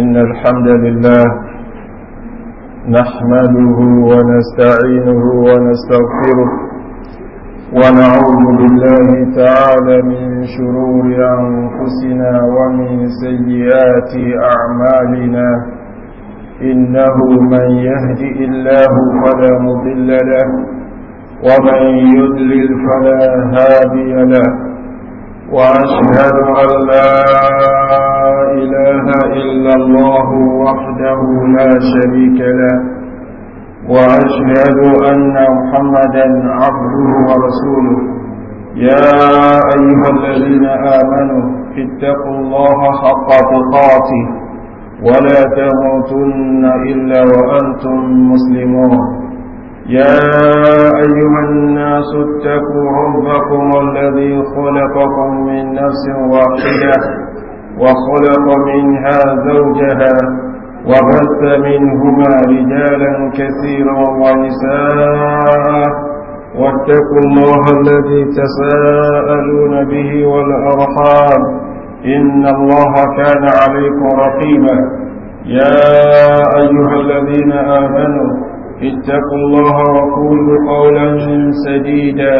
إن الحمد لله نحمده ونستعينه ونستغفره ونعوذ بالله تعالى من شرور أنفسنا ومن سيئات أعمالنا إنه من يهدئ الله فلا مضل له ومن يضلل فلا هادي له وأشهد أن لا إله إلا الله وحده لا شريك له وأشهد أن محمدا عبده ورسوله يا أيها الذين آمنوا اتقوا الله حق تقاته ولا تموتن إلا وأنتم مسلمون يا أيها الناس اتقوا ربكم الذي خلقكم من نفس واحدة وخلق منها زوجها وبث منهما رجالا كثيرا ونساء واتقوا الله الذي تساءلون به والأرحام إن الله كان عليكم رقيبا يا أيها الذين آمنوا اتقوا الله وقولوا قولا سديدا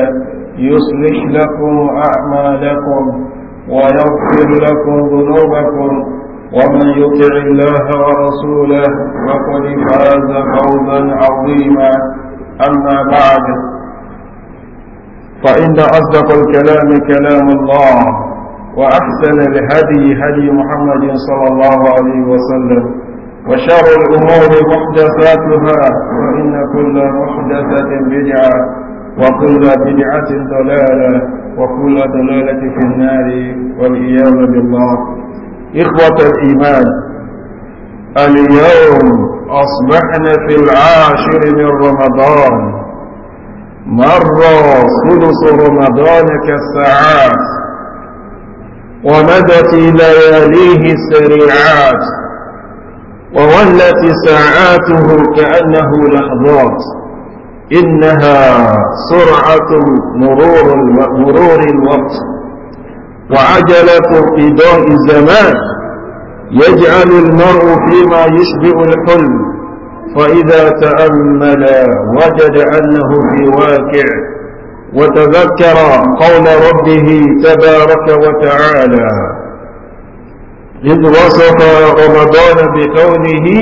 يصلح لكم أعمالكم ويغفر لكم ذنوبكم ومن يطع الله ورسوله فقد فاز فوزا عظيما أما بعد فإن أصدق الكلام كلام الله وأحسن الهدي هدي محمد صلى الله عليه وسلم وشر الأمور محدثاتها وإن كل محدثة بدعة وكل بدعة ضلالة وكل ضلالة في النار والعياذ بالله إخوة الإيمان اليوم أصبحنا في العاشر من رمضان مر ثلث رمضان كالساعات ومدت لياليه السريعات وولت ساعاته كأنه لحظات إنها سرعة مرور مرور الوقت وعجلة إضاء الزمان يجعل المرء فيما يشبع الحلم فإذا تأمل وجد أنه في واقع وتذكر قول ربه تبارك وتعالى إذ وصف رمضان بقوله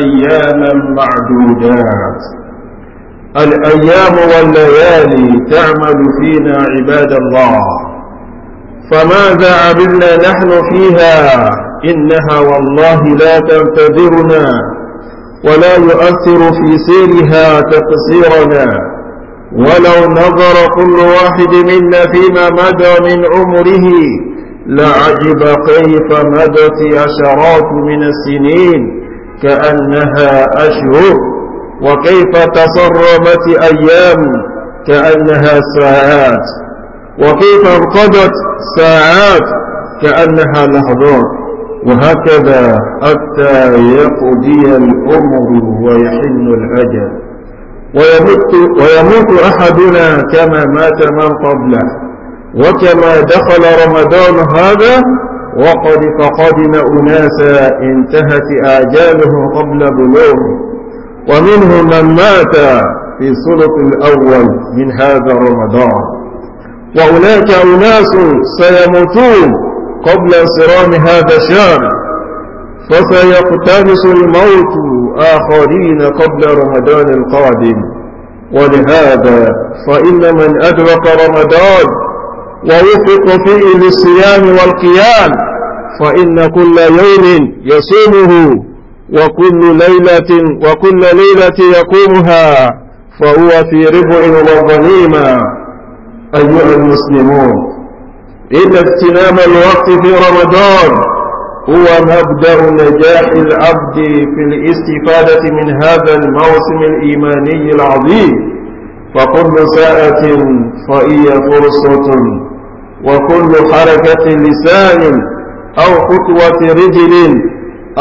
أياما معدودات الأيام والليالي تعمل فينا عباد الله فماذا عملنا نحن فيها إنها والله لا تنتظرنا ولا يؤثر في سيرها تقصيرنا ولو نظر كل واحد منا فيما مدى من عمره لعجب كيف مدت عشرات من السنين كأنها أشهر وكيف تصرمت أيام كأنها ساعات وكيف انقضت ساعات كأنها لحظات وهكذا حتى يقضي الأمر ويحل الأجل ويموت, ويموت أحدنا كما مات من قبله وكما دخل رمضان هذا وقد فقدنا أناسا انتهت أعجالهم قبل بلوغه ومنه من مات في سلط الأول من هذا رمضان وهناك أناس سيموتون قبل انصرام هذا الشهر فسيقتبس الموت آخرين قبل رمضان القادم ولهذا فإن من أدرك رمضان ووفق فيه للصيام والقيام فإن كل يوم يصومه وكل ليلة وكل ليلة يقومها فهو في ربع والغنيمة أيها المسلمون إن اغتنام الوقت في رمضان هو مبدأ نجاح العبد في الاستفادة من هذا الموسم الإيماني العظيم فكل ساعة فهي فرصة وكل حركة لسان أو خطوة رجل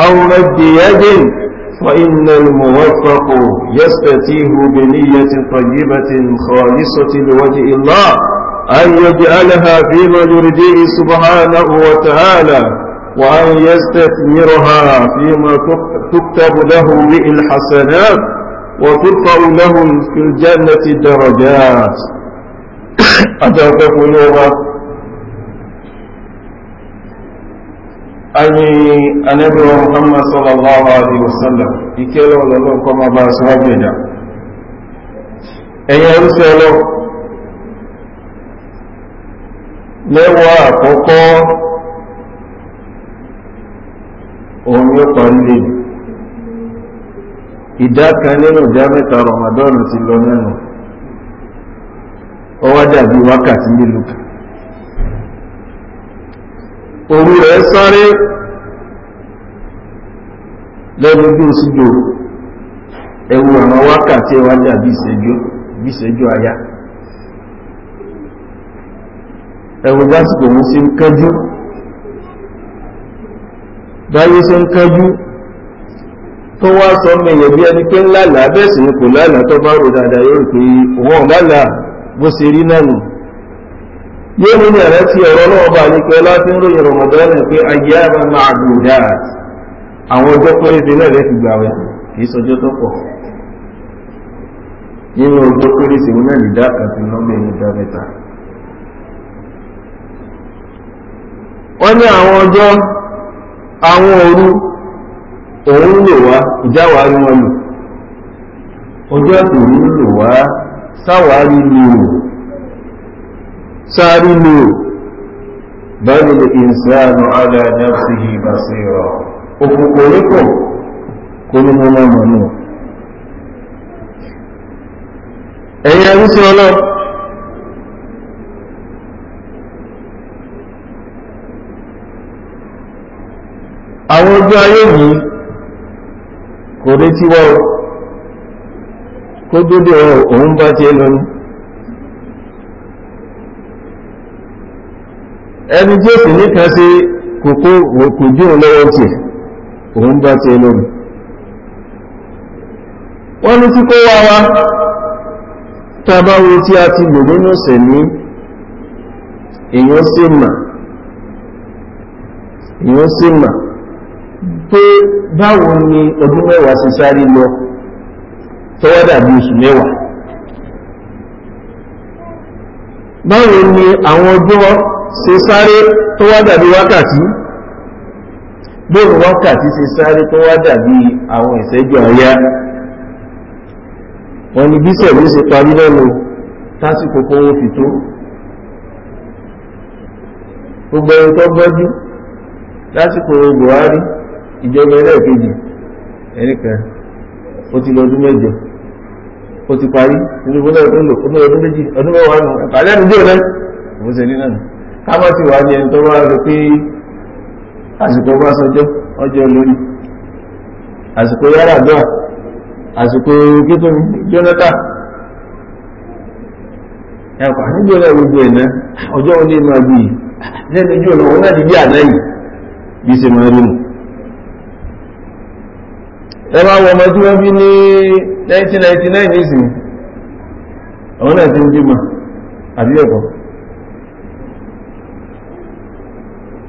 أو مد يد فإن الموفق يستتيه بنية طيبة خالصة لوجه الله أن يجعلها فيما يرضيه سبحانه وتعالى وأن يستثمرها فيما تكتب له بالحسنات الحسنات وترفع لهم في الجنة الدرجات أدركه نورا ani yi wa muhammad sallallahu alaihi wasallam ìkẹ́lẹ̀ ọlọ́lọ́ kọ́ máa bá aṣọ àgbẹ̀dá ẹ̀yẹ orúṣẹ́ lọ lẹ́wọ́ àkọ́kọ́ òun yóò parí lè ìdá kan nínú ìdá ramadan ti lọ mẹ́nu ọwọ́ dàbí wákàtí kan òru rẹ̀ sáré lẹ́nu bí ó síjò ẹwù àwọn wákàtí ẹwájá bí ìṣẹ́jú àyá ẹwù básìkò mú sí ń kẹjú báyé sí ń kẹjú tó wá sọ mẹ́yẹ̀ bí ẹni pé ńlá làá kò tó bá rò dáadáa yóò mú ní àrántí ọ̀rọ̀ náà bá ní pé láti ń Ramadan pé ayé a máa gùn dáa àwọn ọjọ́ péréte náà lẹ́fi gbà wẹ̀ kìí sọjọ́ tó pọ̀ nínú ọjọ́ péréte wọn náà lè sáàrìlò báyìí ìsáàrù aláàdáfihì basira òkùnkùnrin kò kó ní mọ́ mọ́ mọ́ náà ẹ̀yìn àrísí ọlọ́ àwọn ojú ayé yìí kò rí tí wọ́n kó ọrụ òun ti ẹni tí ó sì ní kan sí kòkó òkòjú lọ́wọ́ tì òun bá ti lórí wọ́n ní tí kó wá wá tàbáwo tí a ti gbogbo ní ọ̀sẹ̀ ní èèyàn sí mà pé báwo ni ọdún mẹ́wàá sí sáré lọ tọ́wọ́ dàbí oṣù mẹ́wàá báwo ni àwọn ọjọ́ ṣe sáré tó wá dàbí wákàtí bóòrùn wákàtí ṣe sáré tó wá dàbí àwọn ìṣẹ́jú àyá wọ́n ní bíṣẹ̀ ló ṣe parí lẹ́nu tásìkò kówó fi tó gbogbo ẹni tó gbọ́jú lásìkò Buhari ìjọba ẹlẹ́ẹ̀kejì ẹnìkan ó ti lọ ọdún mẹ́jọ ó ti parí nínú ọdún méjì ọdún mẹ́wàá nù ẹ̀pà lẹ́nu dé ọ̀lẹ́ òun ṣe ní náà kábọ̀tì wà ní ẹni tó wá pé àsìkò bá sọjọ́ ọjọ́ lórí àsìkò yára dọ́ àsìkò kíkún Jonathan ẹ̀kọ́ níjọ́ náà gbogbo ẹ̀nà ọjọ́ òní máa bí lẹ́nu ojú ọ̀nà wọn láti bí àná yìí bí máa rí mu ẹ máa wọ ọmọ tí wọ́n ní 1999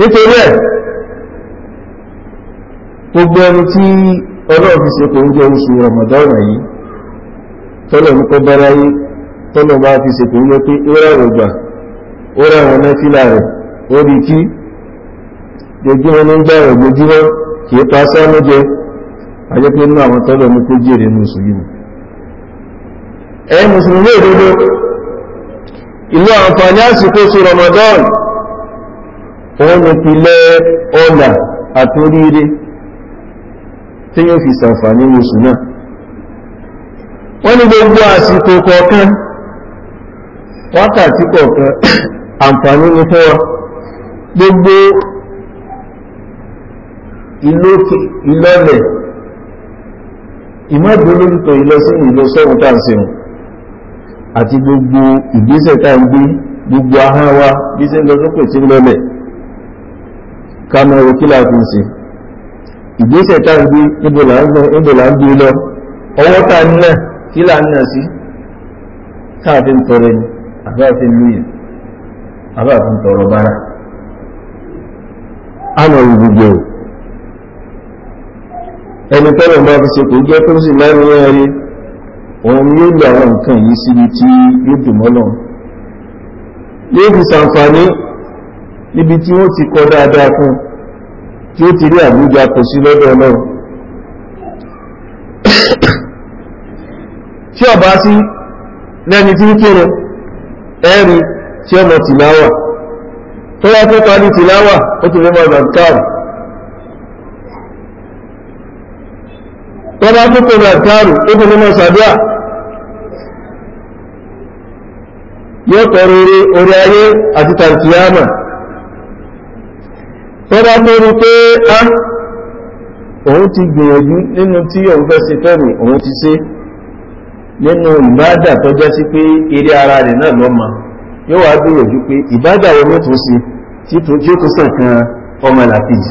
nítorí ẹ̀ gbogbo ẹni tí ọlọ́run kò ń jẹ oṣù Ramadan yìí tọ́lọ̀ ní kọ́ bára yìí tọ́lọ̀ bá fi ṣe kò ń jẹ pé mẹ́fílà rẹ̀ ó kí gbogbo ẹni ń gbà gbogbo kìí pa sánú jẹ ajẹ́ pé àwọn tọ́lọ̀ ní kó jèrè òun ti lẹ́ ọ̀nà àti oríire tí yóò fi sàǹfàní oṣù náà wọ́n ní gbogbo àsìkò kọ̀ọ̀kan wákàtí kọ̀ọ̀kan àǹfàní ní fún wa gbogbo ìlọ́lẹ̀ ìmọ́dúnlóòtò ìlọsíyìn ìlọsọ́run tàà sí wọn àti gbogbo ìgbésẹ̀ tàà ń gbé gbogbo ahọ́n wa bí sí tí ń lọ́lẹ̀ ká mọ ewu kí láàfin sí ìgbésẹ̀ tá ń gbé níbo là ń gbé lọ ọwọ́ tá ń nà kí là ń nà sí káàfin tọrẹ ni àbáfin lóye àbáfin tọrọ bára àmọ̀ ìgbìgbè ò ẹni tọ́lọ̀ bá fi ṣètò jẹ́ tó sì lẹ́nu ẹ̀rí òun yóò gbà àwọn nǹkan yìí síbi tí yóò dùn mọ́lọ́run yóò fi sàǹfààní níbi tí ó ti kọ dáadáa fún tí ó ti rí àgbújá kò sí lọ́dọ̀ ọlọ́run tí ó bá sí lẹ́ni tí ń kírò ẹ̀rí tí ó mọ̀ tìláwà tó wá tó parí tìláwà ó ti rẹ́mọ̀ ìgbàkáàrù tó tó kọ ìgbàkáàrù ó ti rẹ́mọ̀ sàdúà yóò tọrọ orí ayé àti tàǹkìyàmà tó bá tó rí pé á ah, òun ti gbìyànjú nínú tí òun fẹ́ ṣe fẹ́rù òun ti ṣe nínú ìbádà tó jẹ́ sí pé eré ara rẹ̀ náà lọ́mọ yóò wá gbìyànjú pé ìbádà wọn ló tún sí tí ó tún sàn kan ọmọ làkejì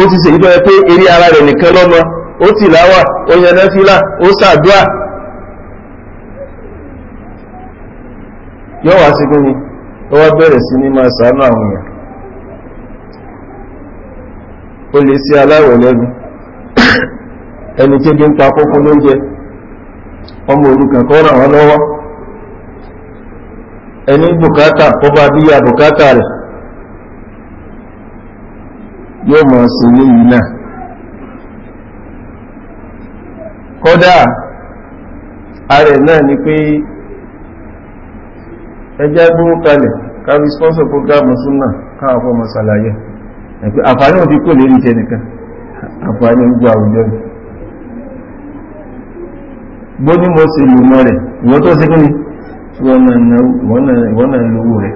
ó ti ṣe ìtọ́ pé eré ara rẹ̀ nìkan lọ́mọ ó ti láwà ó yẹn fílà ó sàdúà yóò wá sí kí ni ó wá bẹ̀rẹ̀ sí ní máa sàánú àwọn èèyàn o lè sí aláwẹ̀ lẹ́nu ẹni kébi ń ta kókó lóúnjẹ ọmọ òrukàn kọ́ ràn wọ́n lọ́wọ́ ẹni bùkátà kó bá bí ya bùkátà rẹ̀ yóò mọ̀ sí ní yìí náà kódà ààrẹ náà ni pé ẹjẹ́ gbówó kalẹ̀ sponsor program ẹ̀pẹ́ àǹfààní òfin kò lérí iṣẹ́ nìkan àǹfààní gbogbo àwùjọ ni bó ní mo sì lù mọ́ rẹ̀ ìwọ́n tó sí kíni tí wọ́n náà lówó rẹ̀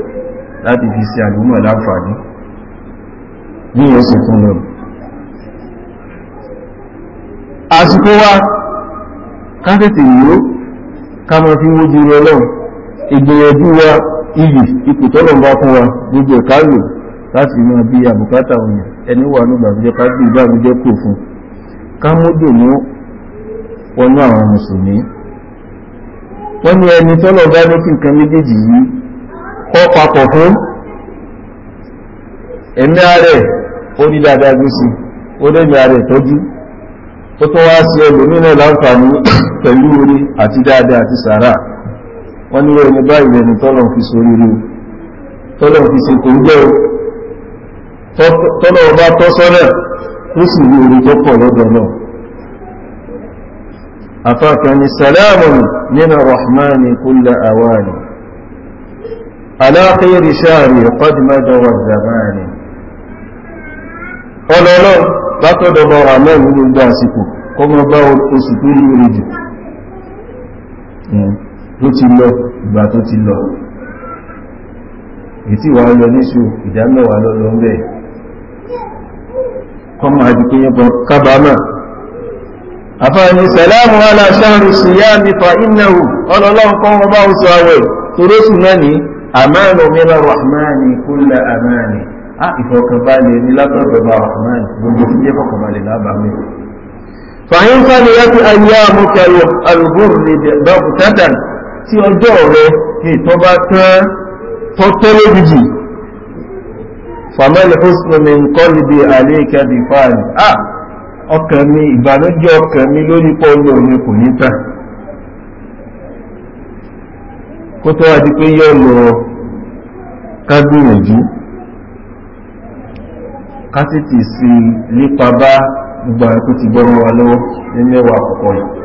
láti fi ṣe àdúmọ̀ láǹfààní ní oṣù tún lọ àsìkò wa káfẹ́tì ìlú ká mọ́ fi wójú rẹ̀ lọ́wọ́ ìgbìyànjú wa iyì ipò tọ́lọ̀ gbogbo ẹ̀ká láti yan bí àbùkátà òyìn ẹni wà ní ìgbàgbọ́jẹ́ bí kò fún ká mójò mú wọnú àwọn mùsùlùmí wọ́n ní ẹni tọ́lọ̀ bá ní kí nǹkan méjèèjì yìí kọ́ papọ̀ fún ẹ̀mí ààrẹ ó ní dáadáa gbé sí ó lẹ́mí ààrẹ tọ́jú ó tó wá sí ẹlòmínà láǹfààní pẹ̀lú orí àti dáadáa àti sàárà wọ́n ní báyìí ẹni tọ́lọ̀ fi rí tọ́lọ̀ tọ́lọ̀ ọba tọ́ ó sì orí tó pọ̀ lọ́dọ̀ náà afákan ni salamun nínú rahmani tó ti lọ ìgbà tó ti lọ wà kọmọ àdìkú yẹn bọ̀ kábàámà àfáàní sàlámù aláṣáàrù síyá nípa ìnáwó ọlọ́lọ́run kan wọn bá oṣù àwẹ̀ torósù náà ní àmáàlù mẹ́lá rahmani kúlẹ̀ àmáàni á ìfọkànbalẹ̀ ní látọ̀dọ̀ bá rahmani gbogbo tí jẹ́ fọkànbalẹ̀ lábàámi fàyín fàlẹ̀ yàtí ayé àmúkẹyọ alùgbòrò lè tí ọjọ́ rẹ̀ ní ìtọ́bá tán tọ́tọ́ lójijì fàmẹ́lì húsùnmi kọ́lìbí àlékẹ́ bí fáàlì à ọkàn lórí pọ́lọ̀ mi kò ní tà kó tó wájú sí bá gbogbo àwọn tó ti gbọ́rọ̀ wa lọ́wọ́ ní mẹ́wàá àkọ́kọ́ yìí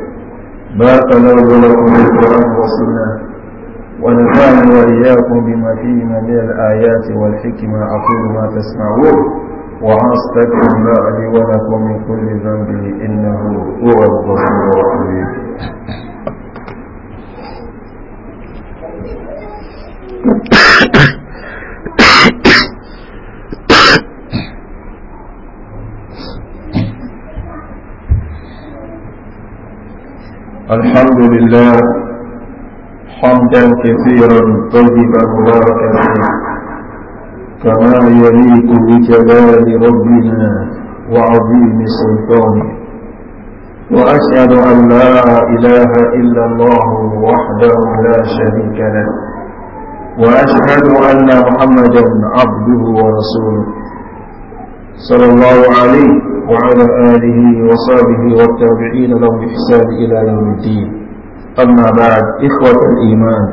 bá lọ́wọ́ ونفعني وإياكم بما فيهما من الآيات والحكمة أقول ما تسمعون وأستغفر الله لي ولكم من كل ذنب إنه هو الغفور الرحيم الحمد لله حمدا كثيرا طيبا مباركا كما يليق بجلال ربنا وعظيم سلطانه وأشهد أن لا إله إلا الله وحده لا شريك له وأشهد أن محمدا عبده ورسوله صلى الله عليه وعلى آله وصحبه والتابعين لهم بإحسان إلى يوم الدين أما بعد إخوة الإيمان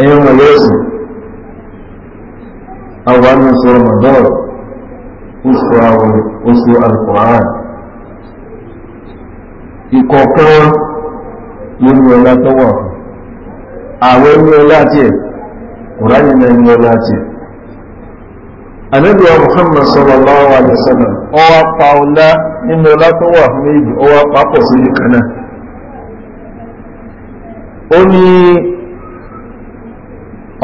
أيما يوسف أول نصر رمضان أسوى القرآن ìkọ̀ọ̀kan lórí ọlá tó wà fún àwọn ẹni ọlá tí ẹ̀ kùránì náà ẹni ọlá tí ẹ̀ ànábì wa Muhammad sallallahu alaihi wasallam ọwá pa ọlá nínú ọlá tó wà fún méjì ọwá papọ̀ sí ìkanáà ó ní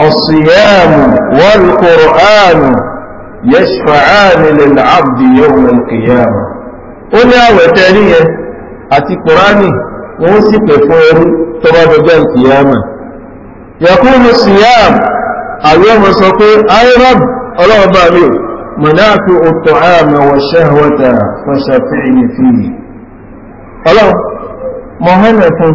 ọ̀sìyàmù wal Qur'anu yashfa'ani lil 'abdi yawm al-qiyamah ó ní àwẹ̀ tẹ́rí yẹn àti Qur'ani wọ́n sì pè fún ẹrú tó bá dọjọ́ ìkìyàmà yakunu siyam àwọn ọmọ sọ pé ayọ́rọ̀b ọlọ́ọ̀bá mi mọ̀láàkì òtò àmà wà ṣẹ́hwẹ́ta fọ́ṣàfẹ́ ìyẹ̀fì ọlọ́ mọ̀hánà fún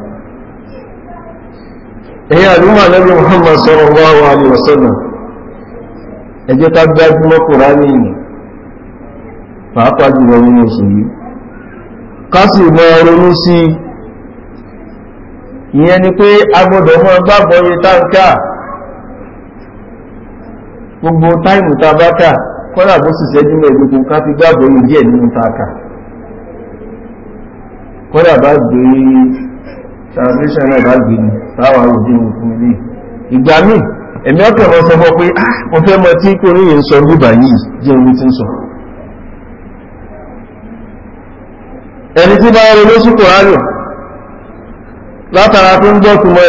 ẹ̀yà àdúmà lẹ́bí Muhammad sallallahu alaihi wasallam ẹ jẹ́ ká gbájúmọ́ Kùránì ìlú pàápàá jùlọ nínú oṣù yìí ká sì mọ́ ronú sí ìyẹn ni pé agbọ́dọ̀ mọ́ gbàgbọ́ yẹ táǹkà gbogbo táìmù bá bó sì ká fi gbàgbọ́ díẹ̀ nínú bá translation náà bá gbé ni báwa ò dín òfin ilé ìgbà míì ọkọ̀ sọ pé ah, mo fẹ́ mọ tí kò ní ìyẹn sọ yìí jẹ́ omi ń sọ ẹni tí bá rẹ lóṣù kòránì látara tó jọ mọ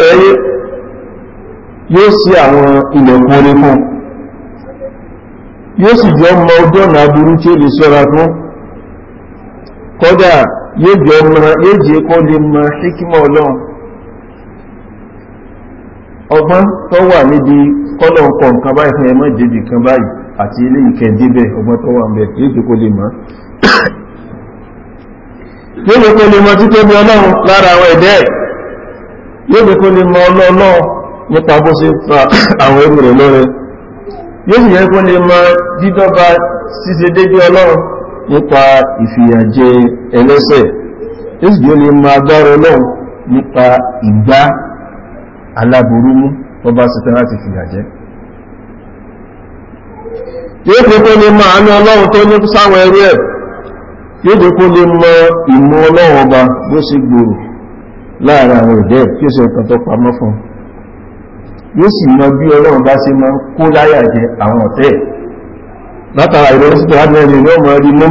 ojú ọ̀nà aburú tí ó lè sọ́ra fún yeji jẹ́ ọmọ yóò jẹ́ kó mọ hikima ọlọ́run ọgbọ́n tó wà níbi kọ́lọ̀ ọkọ̀ nǹkan báyìí fún ẹmọ́ jẹ́bì kan báyìí àti ilé ìkẹ́débẹ̀ ọgbọ́n tó wà mẹ́ yóò jẹ́ kó lè mọ́ yóò jẹ́ mọ títẹ́ bí lára àwọn mọ nípa bó ṣe fa àwọn ẹrù rẹ̀ lọ́rẹ yeji sì jẹ́ mọ dídọ́ba ṣíṣe nípa ìfìyàjẹ ẹlẹ́sẹ̀ ó sì jẹ́ lè mọ agbára ọlọ́run nípa ìgbá aláborúmú tó bá sí tán láti fìyàjẹ́ yóò fi kó lè mọ àánú ọlọ́run tó ní sáwọn ẹrú ẹ̀ yóò fi kó lè mọ ìmú ọlọ́run ọba bó sì gbòòrò láàrin àwọn ìdẹ́ látara ìrọ̀rùn sí ààrẹ ni yóò máa mú yóò rí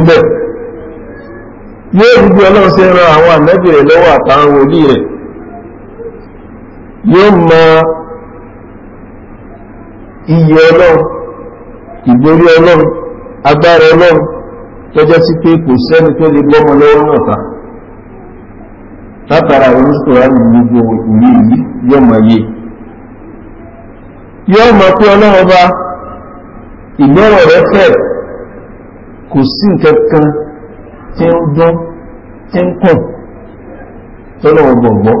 bí ọlọ́run àwọn rẹ̀ lọ́wọ́ àtàwọn rẹ̀ yóò mọ ọlọ́run ìgbórí ọlọ́run agbára ọlọ́run tọ́jọ́ sí pé kò sẹ́ni tó lè gbọ́mọ lọ́wọ́ náà ta látara ìrọ̀rùn sí ààrẹ ni gbogbo ìlú yìí yóò yóò mọ pé ọlọ́run ìgbọ́rọ̀ rẹ̀ fẹ̀ kò sí nǹkan kan tí ń dún tí ń kùn tọ́lọ̀ ọgbọ̀gbọ́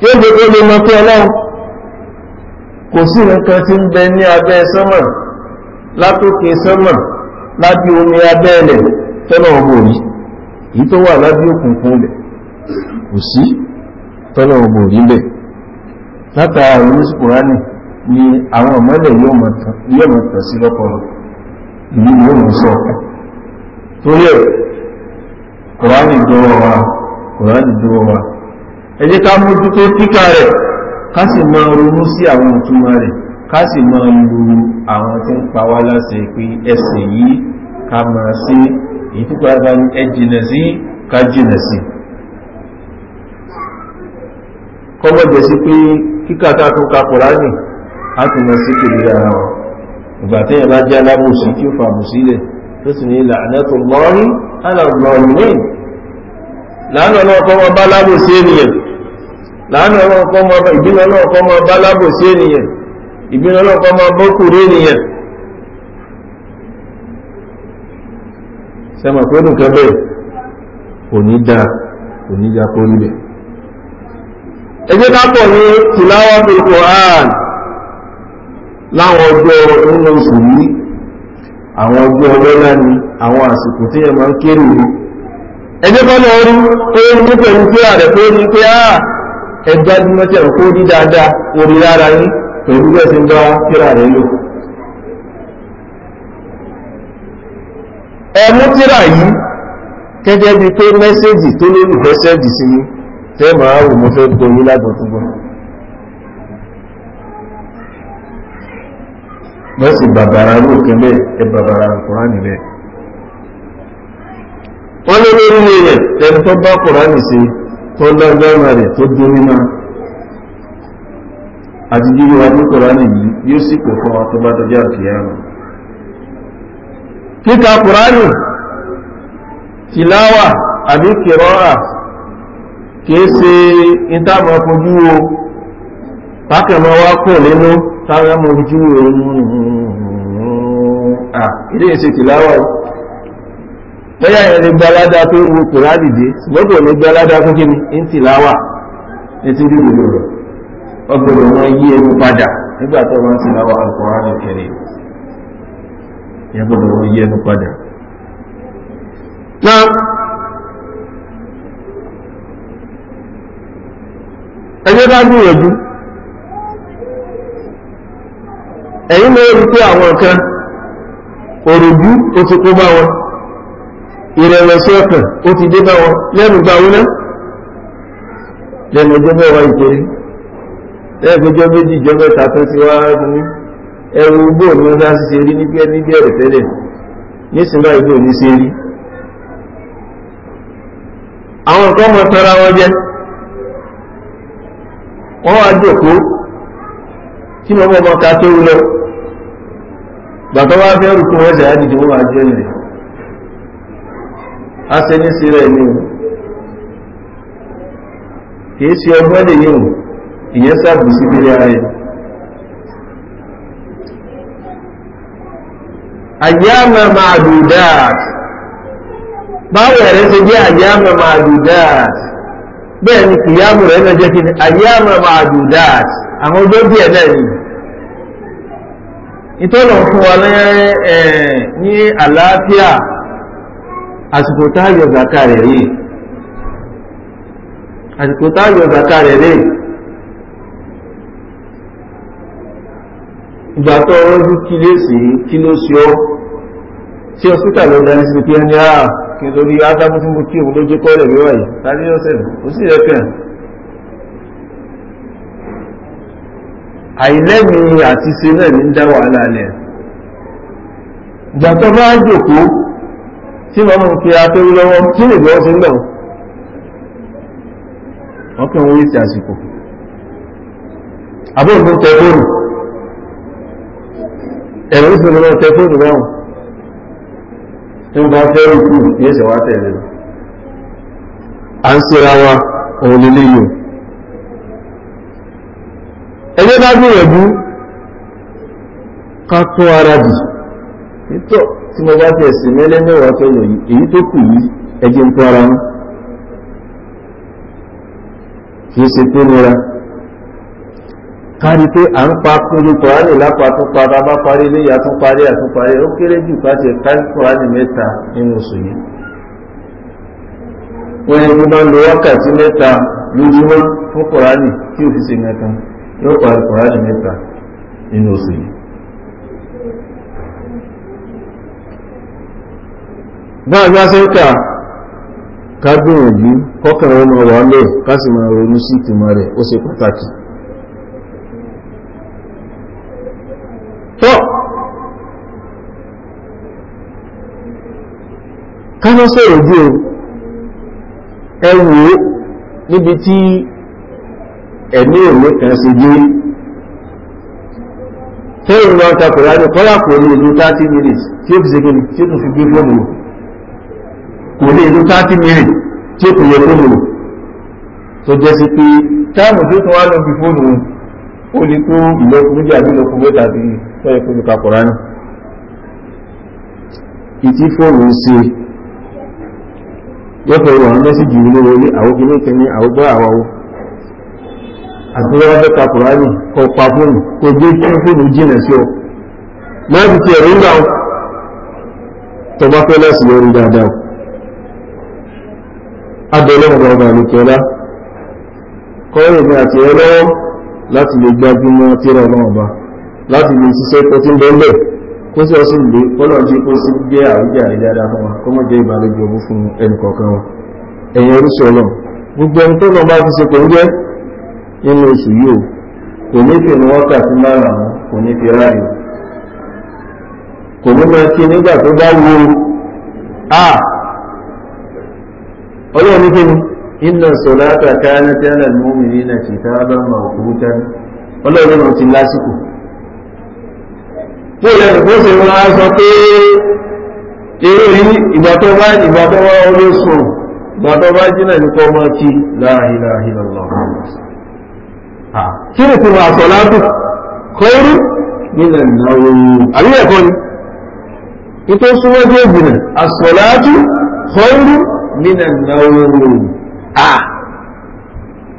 yóò gbogbo lè mọ pé ọlọ́run kò sí nǹkan tí ń bẹ ní abẹ́ sánmà látòkè sánmà lábí omi abẹ́ ẹ̀lẹ̀ tọ́lọ̀ ọgbọ̀ yìí èyí tó wà lábí òkùnkùn rẹ̀ kò sí tọ́lọ̀ ọgbọ̀ yìí látara ìlúsí kùránì ni àwọn ọ̀mọ́lẹ̀ yóò mọ̀ tàn sí lọ́pọ̀lọ́ ìlú yóò mọ̀ sọ torí ẹ̀ kùránì dọwọ́ wa kùránì dọwọ́ wa ẹ jẹ́ ká rẹ̀ ká sì ronú sí àwọn ìtumọ̀ rẹ̀ ká sì lu àwọn tí ń pa wá pé ẹsẹ̀ yìí ká máa sí kọ́mọ̀ jẹ́ sí pé kíkàtà tó ka kùránì á tún lọ sí kiri ara wọn ìgbà tí ìyẹn bá jẹ́ alábòsí tí ó fa àbòsí lẹ̀ tó sì ní làánẹ́tò lọ́rí alàgbọ̀nìyàn lánàá náà kọ́ wọn sẹ́mọ̀ pé nǹkan bẹ́ẹ̀ kò ní dáa kò ní dáa kó rí ẹ ká pọ̀ ní tìláwà tó Quran láwọn ọjọ́ nínú oṣù yìí àwọn ọjọ́ náà ni àwọn àsìkò tí ẹ máa ń kéré ni ẹ jẹ́ lọ rí tó ń pẹ̀lú ààrẹ tó ní pé á ẹgbẹ́ dúmọ́ tí kó dáadáa orí lára yín pẹ̀lú yìí tẹ́ màá wù mo fẹ́ tó yí lágbọ̀n tó gbọ́n wọ́n sì bàbàrà rú kẹ́lẹ̀ ẹ bàbàrà kùránì rẹ̀ wọ́n lé lórí rẹ̀ ẹni tó bá kùránì sí tó lọ́gbọ́nà rẹ̀ tó dé nínú àti wa ní kùránì yìí yóò sì kò fún ọtọ́ bá dọjá kìíyàmù kíka kùránì tìláwà àbí kìrọ́à kìí ṣe ìtàbọ̀ fojú o pákẹ̀mọ́ wá kò nínú táwọn ọmọ ojú à ilé ìṣe tìláwà bóyá yẹn lè gbalada tó wu kòrá dìde ṣùgbọ́n kò ní gbalada tó kí ni ń tìláwà etí rí gbogbo rẹ̀ ọgbọ̀dọ̀ wọn yí ewu padà nígbà tó wọn ń tìláwà Al-Qur'an Al-Karim yẹn gbọdọ̀ wọn yí ewu padà ẹni bá gbìyànjú ẹ̀yìn ló rí pé àwọn kan òròjú ó ti kó bá wọn ìrẹ̀wẹ̀sí ọkàn ó ti dé bá wọn lẹ́nu gba wọná lẹ́nu ọjọ́ mẹ́wàá ìkéré lẹ́gbẹ̀jọ́ méjì ìjọ mẹ́ta tó ti wá ní ẹrù ugbó ní ọjọ́ sí ṣe rí nígbẹ́ níbẹ̀rẹ̀ tẹ́lẹ̀ nísìnbá ìgbò ní wọ́n wá jòkó tí mo mọ́ ká tó lọ gbàtọ́ wá fẹ́ rùkú wọ́n ṣe àdìdì wọ́n wá jẹ́ ilẹ̀ asẹ́ni sí rẹ̀ ní kìí ṣe ọgbọ́n lè yíò ìyẹn sáàbù sí bí ara rẹ̀ àyàmà báwo ẹ̀rẹ́ ṣe jẹ́ àyàmà bẹ́ẹ̀ ni kìyàmù rẹ̀ náà jẹ́ kí ni àyàmà máa dùn dáàtì àwọn ọjọ́ díẹ̀ náà ni ìtọ́nà fún wa ní àlàáfíà àsìkò táyọ̀ zaka rẹ̀ rí àsìkò táyọ̀ zaka rẹ̀ rí ìgbà tó ọrọ́jú kí lè sí kí ló sí ọ sí ọsítà lọ́dá ní sí pé ní àà ah, kí n lórí ádámú tí mo kí òun lójú kọ́rẹ̀ wíwá yìí tàbí ọ̀sẹ̀ kò sí ẹ̀kẹ́ àìlẹ́mìí àti ṣe náà ní dá wàhálà lẹ̀ ìgbàtọ́ bá jòkó tí wọ́n mú kí akéwú lọ́wọ́ kí lè gbọ́ sí lọ wọ́n kí wọ́n yí sí àsìkò àbúrò tẹ fóònù ẹ̀rọ ìfẹ́ lọ́wọ́ tẹ fóònù báwọn ń bá fẹ́ rúkú yóò ṣe wá tẹ̀lé à ń síra wa òun lè léyò ẹgbẹ́ bá gbìyànjú ká tí mo bá yi, mẹ́lẹ́ mẹ́wàá tó lò yìí èyí tó kárí a n ń pa kúrú kùránì lápá tó pa bá parí ilé ìyá tó parí àtún parí ó kéré jù káti ẹ̀ka kùránì mẹ́ta nínú oṣù yìí wọ́n ní bá lo wákàtí mẹ́ta lójúmọ́ fún kùránì tí ò fi ṣe mẹ́ta yóò parí kùránì mẹ́ta nínú oṣù yìí bá a ká gbìyànjú ronú sí ìtìmọ̀ rẹ̀ ní sọ̀rọ̀ jù ẹ wò ó níbi tí ẹ̀mí òwe kan sì dé tẹ́yìn lọ takùrá ní kọ́lá kò ní ìlú 30 minutes tí ó fi ṣe kìí tí ó tún fi gbé fóònù kò ní ìlú 30 minutes tí ó kìí fóònù tó jẹ́ sí pé táàmù tó tún wá lọ fi fóònù ó lè tó ìlọ́kùn méjì àbí ìlọ́kùn mẹ́ta bí tọ́yẹ fóònù kakùrá ní ìtí fóònù ń ṣe yóò fẹ́ wọn mẹ́sìgì ilé wọlé àwọn kìíní kìíní àwọn gbọ́ àwọn àwọn àti wọ́n fẹ́ ka kùránì kọ pa fóònù kò gbé kí fóònù jìnà sí ọ máa fi ti ẹ̀rí ńgbà tó bá fẹ́ lẹ́sì lórí dáadáa abẹ́lẹ́ ọ̀gá ọba àlùkẹ́lá kọ́rọ̀ ẹlọ́wọ́ láti lè gbájúmọ́ tíra ọlọ́ọ̀ba láti lè ṣiṣẹ́ tó ń bẹ́ẹ̀ kó sì ọsùn lè kọ́lọ̀ jí kó sì jẹ́ àwùjá ìdára fún wa kọ́mọ̀ jẹ́ ìbàlejò owó fún ẹnì kọ̀ọ̀kan wa ẹ̀yìn oríṣi ọlọ́run gbogbo ẹni tó lọ bá fi ṣe kò ń jẹ́ nínú oṣù yìí o kò ní fi kò ní fi kò ní máa kí nígbà tó bá wo a ọlọ́run ní bó lẹ́nu bó ṣe máa sọ pé eré yìí ìgbà tó bá ìgbà tó bá ó ló sùn bá jìnà nípa ọmọ kí la ilaha illallah kí ni tí máa sọ látù kọ́rú nílẹ̀ náwó àbí ẹ̀kọ́ ni ìtò súnmọ́ jẹ́ ìgbìnà àsọ̀látù kọ́rú nílẹ̀ náwó à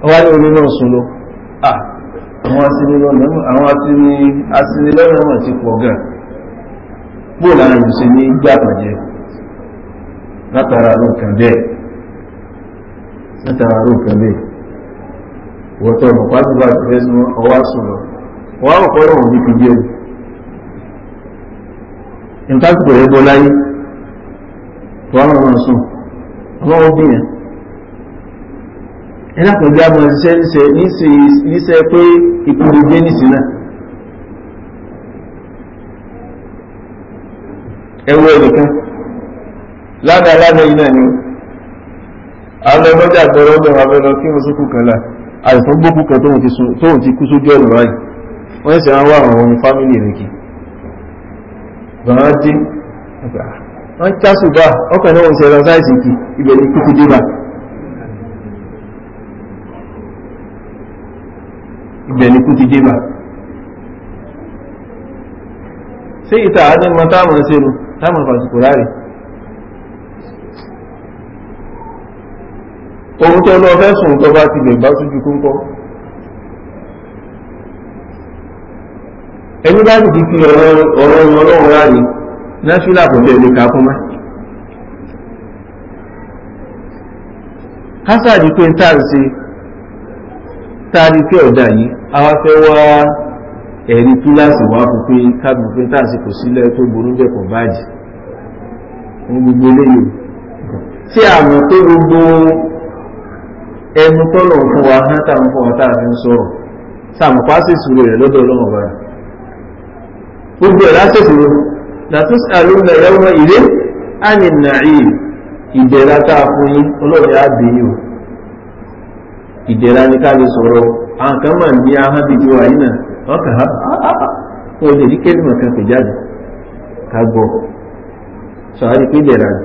wọ́n ní onímọ̀ sùn lọ àwọn asinilọ́nà wọn ti pọ̀ gan bó lára yìí ṣe ní gbàpàjẹ́ látara ló bẹ́ẹ̀ látara ló bẹ́ẹ̀ wọ́tọ̀ ọ̀pá tó bá fẹ́ sún ọwá sùn wọ́n á kọ́ lọ́wọ́ ní fi jẹ́ nǹkan kò bọ́ láyé wọ́n ẹ̀dá kan bí abọ́ ṣiṣẹ́ níṣẹ́ níṣẹ́ pé ìpínlẹ̀ gbé nìsí náà ẹwọ ẹnìkan ládàá ládàá yìí náà ni àwọn kí kan àìsàn gbókù kan ti kú sójú ọ̀nà wọ́n wá àwọn kí dé wọ́n bá ọkàn náà wọ́n ṣe ẹran sáìsì ibẹ̀ ni kú ti dé bá sí ìta àádọ́mọ táwọn ṣe nu táwọn fàṣùkò láre ohun tó lọ tó bá ti lè bá sójú kúńkọ́ ẹni bá sì ti fi ọ̀rọ̀ ọ̀rọ̀ ọlọ́run ráre náṣúlà kò tẹ̀ lè táàrí pé ọ̀dà yìí àwa fẹ́ wá ẹ̀rí kíláàsì wá fún pé káàbùn pé táàsì kò sílẹ̀ tó burú jẹ́ kò báàjì ní gbogbo eléyìí tí àwọn tó gbogbo ẹnu tọ́lọ̀ fún wa hán táwọn fún wa táà fi ń sọ̀rọ̀ sáàmù pàṣẹ ìṣòro rẹ̀ lọ́dọ̀ ọlọ́run ọba gbogbo ẹ̀ láṣẹ ìṣòro latus aluna yawma ilé àmì nàí ìbẹ̀rẹ̀ tá a fún yín ọlọ́run á bẹ̀yìn o ìdẹ̀ra ní ká lè sọ̀rọ̀ àwọn kan mà ní ahọ́n bíi tiwa yìí náà wọ́n kà á fún ah, ah, ah. olè ní kẹ́lìmọ̀ kan pè jáde ká gbọ́ sọ̀rọ̀ pé ìdẹ̀ra ni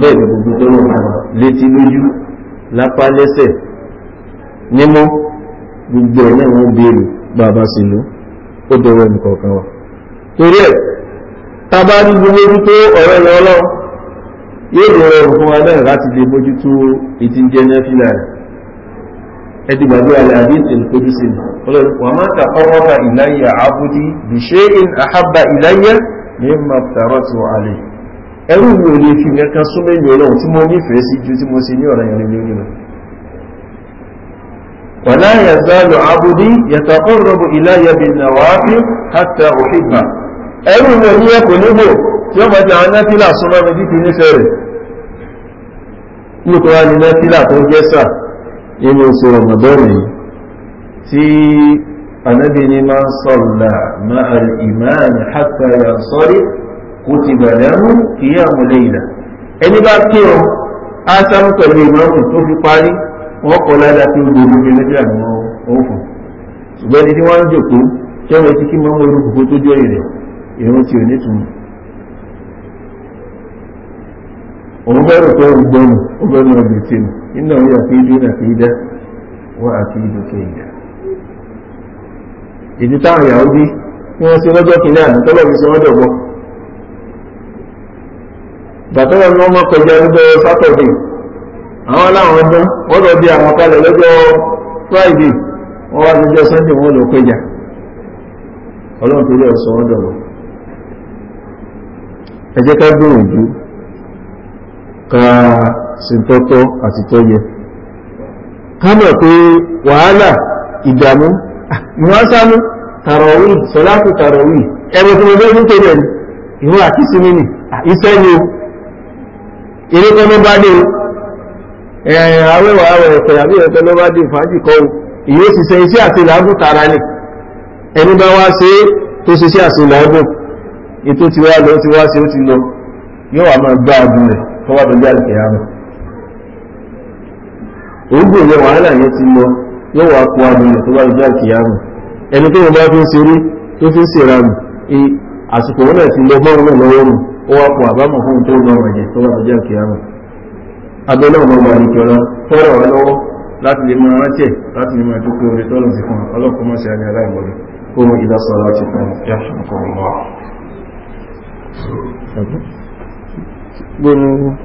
bẹ́ẹ̀ ni gbogbo tó lọ́wọ́ àwọn létí lójú lápá lẹ́sẹ̀ nímọ́ gbogbo ẹ̀ náà wọ́n béèrè bàbá sí ló ó dọ̀rọ̀ ẹnì kọ̀ọ̀kan wa torí ẹ̀ tá a bá rí gbogbo ojú tó ọ̀rọ̀ ẹ̀ lọ́wọ́ yóò lọ rọrùn fún wa náà láti lè mójútó ètí jẹ́ náfìlà ẹdí gbàgbé al-hadith al-qudsi wa ma taqarraba ilayya 'abdi bi shay'in ahabba ilayya mimma iftaratu 'alayhi ẹrú mi ò lè fi nǹkan súnmọ́ èmi ọlọ́run tí mo nífẹ̀ẹ́ sí ju tí mo ṣe ní ọ̀rọ̀ yẹn lórí lọ wa la yazalu 'abdi yataqarrabu ilayya bin nawafil hatta uhibba ẹrú mi ò ní ẹkùn yóò mọ̀ tí àwọn nẹ́fílà súnmọ́ mi títí nífẹ̀ẹ́ rẹ̀ nípa ni nẹ́fílà tó jẹ́ sà nínú oṣù rọ̀mọ̀dọ́rì tí anábì ní máa ń sọ̀rọ̀ máa ìmáàmì hàtà yà sọ́rí kò ti gbà lẹ́rú kì í àmú léyìnà ẹni bá kírun á sáà pẹ̀lú ìmọ̀ọ́kù tó fi parí wọ́n kọ́ ládàá tí ó gbogbo ní méjìlá ni wọ́n ṣùgbọ́n ẹni tí wọ́n ń jòkó kẹ́wọ́n ti kí mọ́mọ́ orúkọ tó jọ ìrẹ̀ ìrún ti òun bẹ́rù pé ìgbónù ó bẹ́rù ọdún tí nù iná orí àfíìdú ní àfíìdá wọ́n àfíìdú kéèdà ìdí táwọn Yahudi tí wọ́n sí lọ́jọ́ sátọ̀dé àwọn aláwọn ọdún wọ́n lọ àwọn kalẹ̀ lọ́jọ́ fúráìdì wọ́n wá lọ́jọ́ sẹ́ńdì wọ́n lọ péjà ọlọ́run torí ká sìntọ́tọ́ àti tọ́yẹ kámọ̀ pé wàhálà ìdàmú ìwásámú tàràwí sọ́látù tàràwí ẹgbẹ́ tí mo bẹ́ ní tẹ́lẹ̀ ní ìwọ́n àti sinmi ní iṣẹ́ ni eré kan ló bá dé ẹ̀yìn awẹ́wà àwẹ̀ ẹ̀fẹ̀ àbí ẹ̀fẹ̀ ló bá dé fàájì kọ́ ìyó ṣiṣẹ́ iṣẹ́ àti làágùn tara ní ẹni bá wá ṣe tó ṣiṣẹ́ àti làágùn ètò ti wá lọ ti tó wá dojú àlùkìyàmù ògùn yẹn wàhálà yẹn ti lọ yóò wá kó adùn tó wá dojú àlùkìyàmù ẹni tó wọn bá fi ń ṣeré tó fi ń ṣèrànù àsìkò wọn náà ti lọ mọ́rún náà lọ́wọ́ nù ó wá kó àbámọ̀ fún tó lọ rẹ̀ tó wá dojú àlùkìyàmù abẹ́ náà lọ́wọ́ àríkẹ́ọ́lá fọ́rọ̀ wá lọ́wọ́ láti lè máa rántí ẹ̀ láti lè máa dúpẹ́ orí tọ́lọ̀ sí fún ọlọ́pọ̀mọ́sẹ̀ àmì aláìmọ̀lẹ̀ ohun ìdásọ́lá ti fún yàtọ̀ ọkọ̀ ọmọ Bueno.